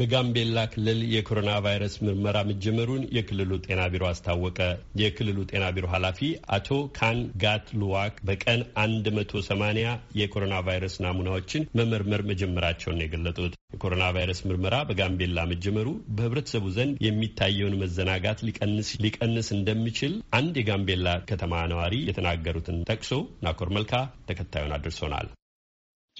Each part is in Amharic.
በጋምቤላ ክልል የኮሮና ቫይረስ ምርመራ መጀመሩን የክልሉ ጤና ቢሮ አስታወቀ። የክልሉ ጤና ቢሮ ኃላፊ አቶ ካን ጋት ሉዋክ በቀን 180 የኮሮና ቫይረስ ናሙናዎችን መመርመር መጀመራቸውን የገለጡት። የኮሮና ቫይረስ ምርመራ በጋምቤላ መጀመሩ በህብረተሰቡ ዘንድ የሚታየውን መዘናጋት ሊቀንስ እንደሚችል አንድ የጋምቤላ ከተማ ነዋሪ የተናገሩትን ጠቅሶ ናኮር መልካ ተከታዩን አድርሶናል።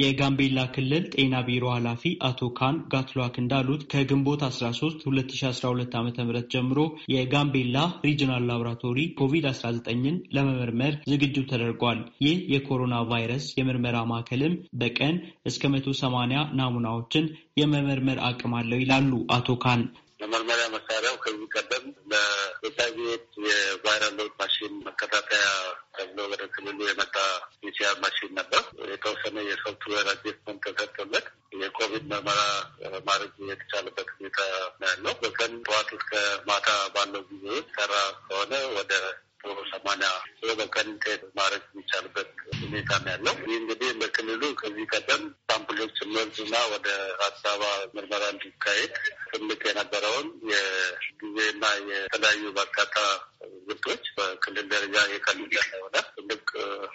የጋምቤላ ክልል ጤና ቢሮ ኃላፊ አቶ ካን ጋትሏክ እንዳሉት ከግንቦት 13 2012 ዓ ም ጀምሮ የጋምቤላ ሪጅናል ላቦራቶሪ ኮቪድ-19ን ለመመርመር ዝግጁ ተደርጓል። ይህ የኮሮና ቫይረስ የምርመራ ማዕከልም በቀን እስከ 180 ናሙናዎችን የመመርመር አቅም አለው ይላሉ አቶ ካን። መመርመሪያ መሳሪያው ከዚህ ቀደም ለኤች ኤድስ የቫይራል ሎድ ማሽን መከታተያ ወደ ክልሉ የመጣ ፒሲአር ማሽን ነበር። የተወሰነ የሶፍትዌር አጀስትመንት ተሰጥቶለት የኮቪድ ምርመራ ማድረግ የተቻለበት ሁኔታ ያለው በቀን ጠዋት እስከ ማታ ባለው ጊዜ ሰራ ከሆነ ወደ ሮ ሰማንያ በቀን ቴስት ማድረግ የሚቻልበት ሁኔታ ነው ያለው። ይህ እንግዲህ በክልሉ ከዚህ ቀደም ሳምፕሎች መርዝ ስመርዝና ወደ አዲስ አበባ ምርመራ እንዲካሄድ ትምት የነበረውን የጊዜና የተለያዩ በርካታ ግብቶች በክልል ደረጃ የቀሉ ያለ ይሆናል።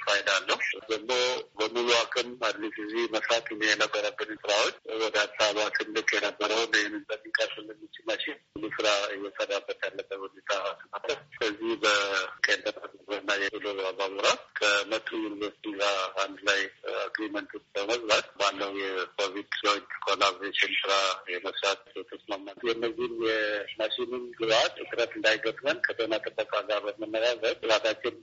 ፋይዳ አለው። ደግሞ በሙሉ አቅም አዲስ ጊዜ መስራት የነበረብን ስራዎች ወደ አዲስ አበባ ትልቅ የነበረውን ይህንን በሚቀርስ የምንችል ማሽን ስራ እየሰራበት ያለበት ሁኔታ ስላለ ከዚህ በቀንተና የሎ ባቡራ ከመቱ ዩኒቨርሲቲ ጋር አንድ ላይ አግሪመንት በመግባት ባለው የኮቪድ ጆይንት ኮላቦሬሽን ስራ የመስራት ተስማማ። የእነዚህም የማሽኑን ግብአት እጥረት እንዳይገጥመን ከጤና ጥበቃ ጋር በመነጋገር ጥራታችን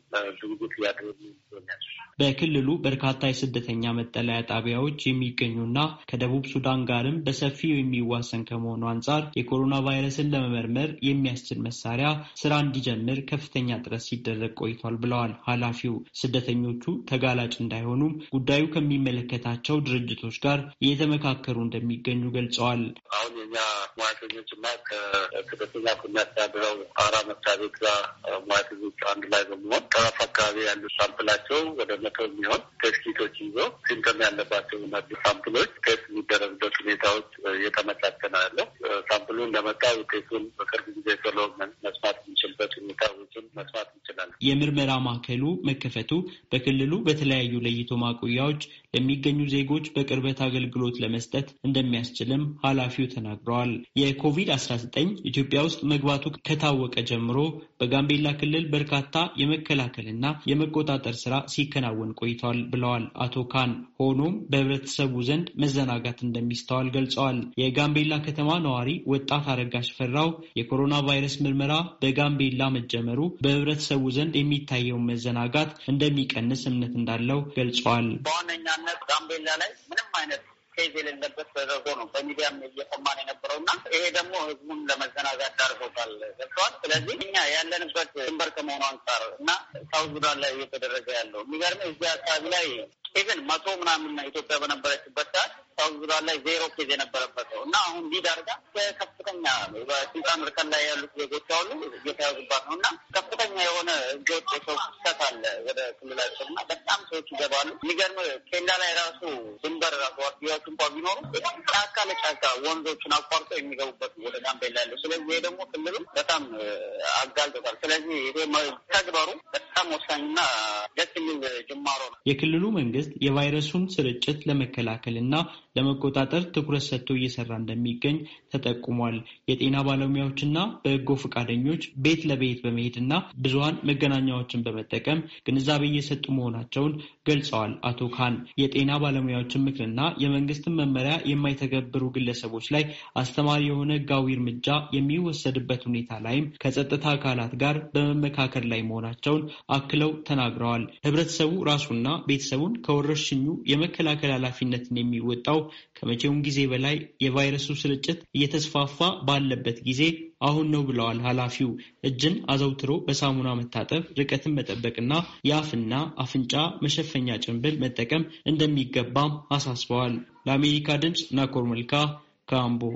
ዝግጅት እያደረግ ይገኛል። በክልሉ በርካታ የስደተኛ መጠለያ ጣቢያዎች የሚገኙና ከደቡብ ሱዳን ጋርም በሰፊው የሚዋሰን ከመሆኑ አንጻር የኮሮና ቫይረስን ለመመርመር የሚያስችል መሳሪያ ስራ እንዲጀምር ከፍተኛ ጥረት ሲደረግ ቆይቷል ብለዋል ኃላፊው። ስደተኞቹ ተጋላጭ እንዳይሆኑም ጉዳዩ ከሚመለከታቸው ድርጅት ድርጅቶች ጋር እየተመካከሩ እንደሚገኙ ገልጸዋል። አሁን የኛ ሙያተኞች እና ከስደተኛ ከሚያስተዳድረው አራ መስሪያ ቤት ጋር ሙያተኞች አንድ ላይ በመሆን ጠረፍ አካባቢ ያሉ ሳምፕላቸው ወደ መቶ የሚሆን ቴስት ይዞ ሲምተም ያለባቸው ናዱ ሳምፕሎች ቴስት የሚደረግበት ሁኔታዎች እየተመቻቸ ነው ያለው። ሳምፕሉ እንደመጣ ውጤቱን በቅርብ ጊዜ መስማት የሚችልበት ሁኔታ የምርመራ ማዕከሉ መከፈቱ በክልሉ በተለያዩ ለይቶ ማቆያዎች ለሚገኙ ዜጎች በቅርበት አገልግሎት ለመስጠት እንደሚያስችልም ኃላፊው ተናግረዋል። የኮቪድ-19 ኢትዮጵያ ውስጥ መግባቱ ከታወቀ ጀምሮ በጋምቤላ ክልል በርካታ የመከላከልና የመቆጣጠር ስራ ሲከናወን ቆይተዋል ብለዋል አቶ ካን። ሆኖም በህብረተሰቡ ዘንድ መዘናጋት እንደሚስተዋል ገልጸዋል። የጋምቤላ ከተማ ነዋሪ ወጣት አረጋሽ ፈራው የኮሮና ቫይረስ ምርመራ በጋምቤላ መጀመሩ በህብረተሰቡ ዘንድ የሚታየው መዘናጋት እንደሚቀንስ እምነት እንዳለው ገልጸዋል። በዋነኛነት ጋምቤላ ላይ ምንም አይነት ኬዝ የሌለበት ተደርጎ ነው በሚዲያም እየሰማን የነበረው እና ይሄ ደግሞ ህዝቡን ለመዘናጋት ዳርጎታል ገብተዋል። ስለዚህ እኛ ያለንበት ድንበር ከመሆኑ አንጻር እና ሳውዝ ሱዳን ላይ እየተደረገ ያለው የሚገርም እዚህ አካባቢ ላይ ኢቨን መቶ ምናምን ኢትዮጵያ በነበረችበት ሰዓት ሳውዝ ሱዳን ላይ ዜሮ ኬዝ የነበረበት ነው እና አሁን ሊድ አድርጋ ከፍተኛ በስልጣን እርከን ላይ ያሉት ዜጎች አሉ እየተያዙባት ነው እና ከፍተኛ የሆነ ህገወጥ የሰው ፍሰት አለ ወደ ክልላቸው እና በጣም ሰዎች ይገባሉ። የሚገርም ኬንዳ ላይ ራሱ ድንበር ራሱ እንኳ ቢኖሩ ጫካ ለጫካ ወንዞችን አቋርጦ የሚገቡበት ወደ ጋምቤላ ያለው ስለዚህ ይሄ ደግሞ ክልሉ በጣም አጋልጦታል። ስለዚህ ይሄ ተግበሩ በጣም ወሳኝና ደስ የሚል ጅማሮ ነው። የክልሉ መንግስት የቫይረሱን ስርጭት ለመከላከልና ለመቆጣጠር ትኩረት ሰጥቶ እየሰራ እንደሚገኝ ተጠቁሟል። የጤና ባለሙያዎችና በጎ ፈቃደኞች ቤት ለቤት በመሄድና ብዙሀን መገናኛዎችን በመጠቀም ግንዛቤ እየሰጡ መሆናቸውን ገልጸዋል። አቶ ካን የጤና ባለሙያዎችን ምክርና የመንግስትን መመሪያ የማይተገብሩ ግለሰቦች ላይ አስተማሪ የሆነ ህጋዊ እርምጃ የሚወሰድበት ሁኔታ ላይም ከጸጥታ አካላት ጋር በመመካከል ላይ መሆናቸውን አክለው ተናግረዋል። ህብረተሰቡ ራሱና ቤተሰቡን ከወረርሽኙ የመከላከል ኃላፊነትን የሚወጣው ከመቼውም ጊዜ በላይ የቫይረሱ ስርጭት እየተስፋፋ ባለበት ጊዜ አሁን ነው ብለዋል ኃላፊው። እጅን አዘውትሮ በሳሙና መታጠብ፣ ርቀትን መጠበቅና የአፍና አፍንጫ መሸፈኛ ጭንብል መጠቀም እንደሚገባም አሳስበዋል። ለአሜሪካ ድምፅ ናኮር መልካ ካምቦ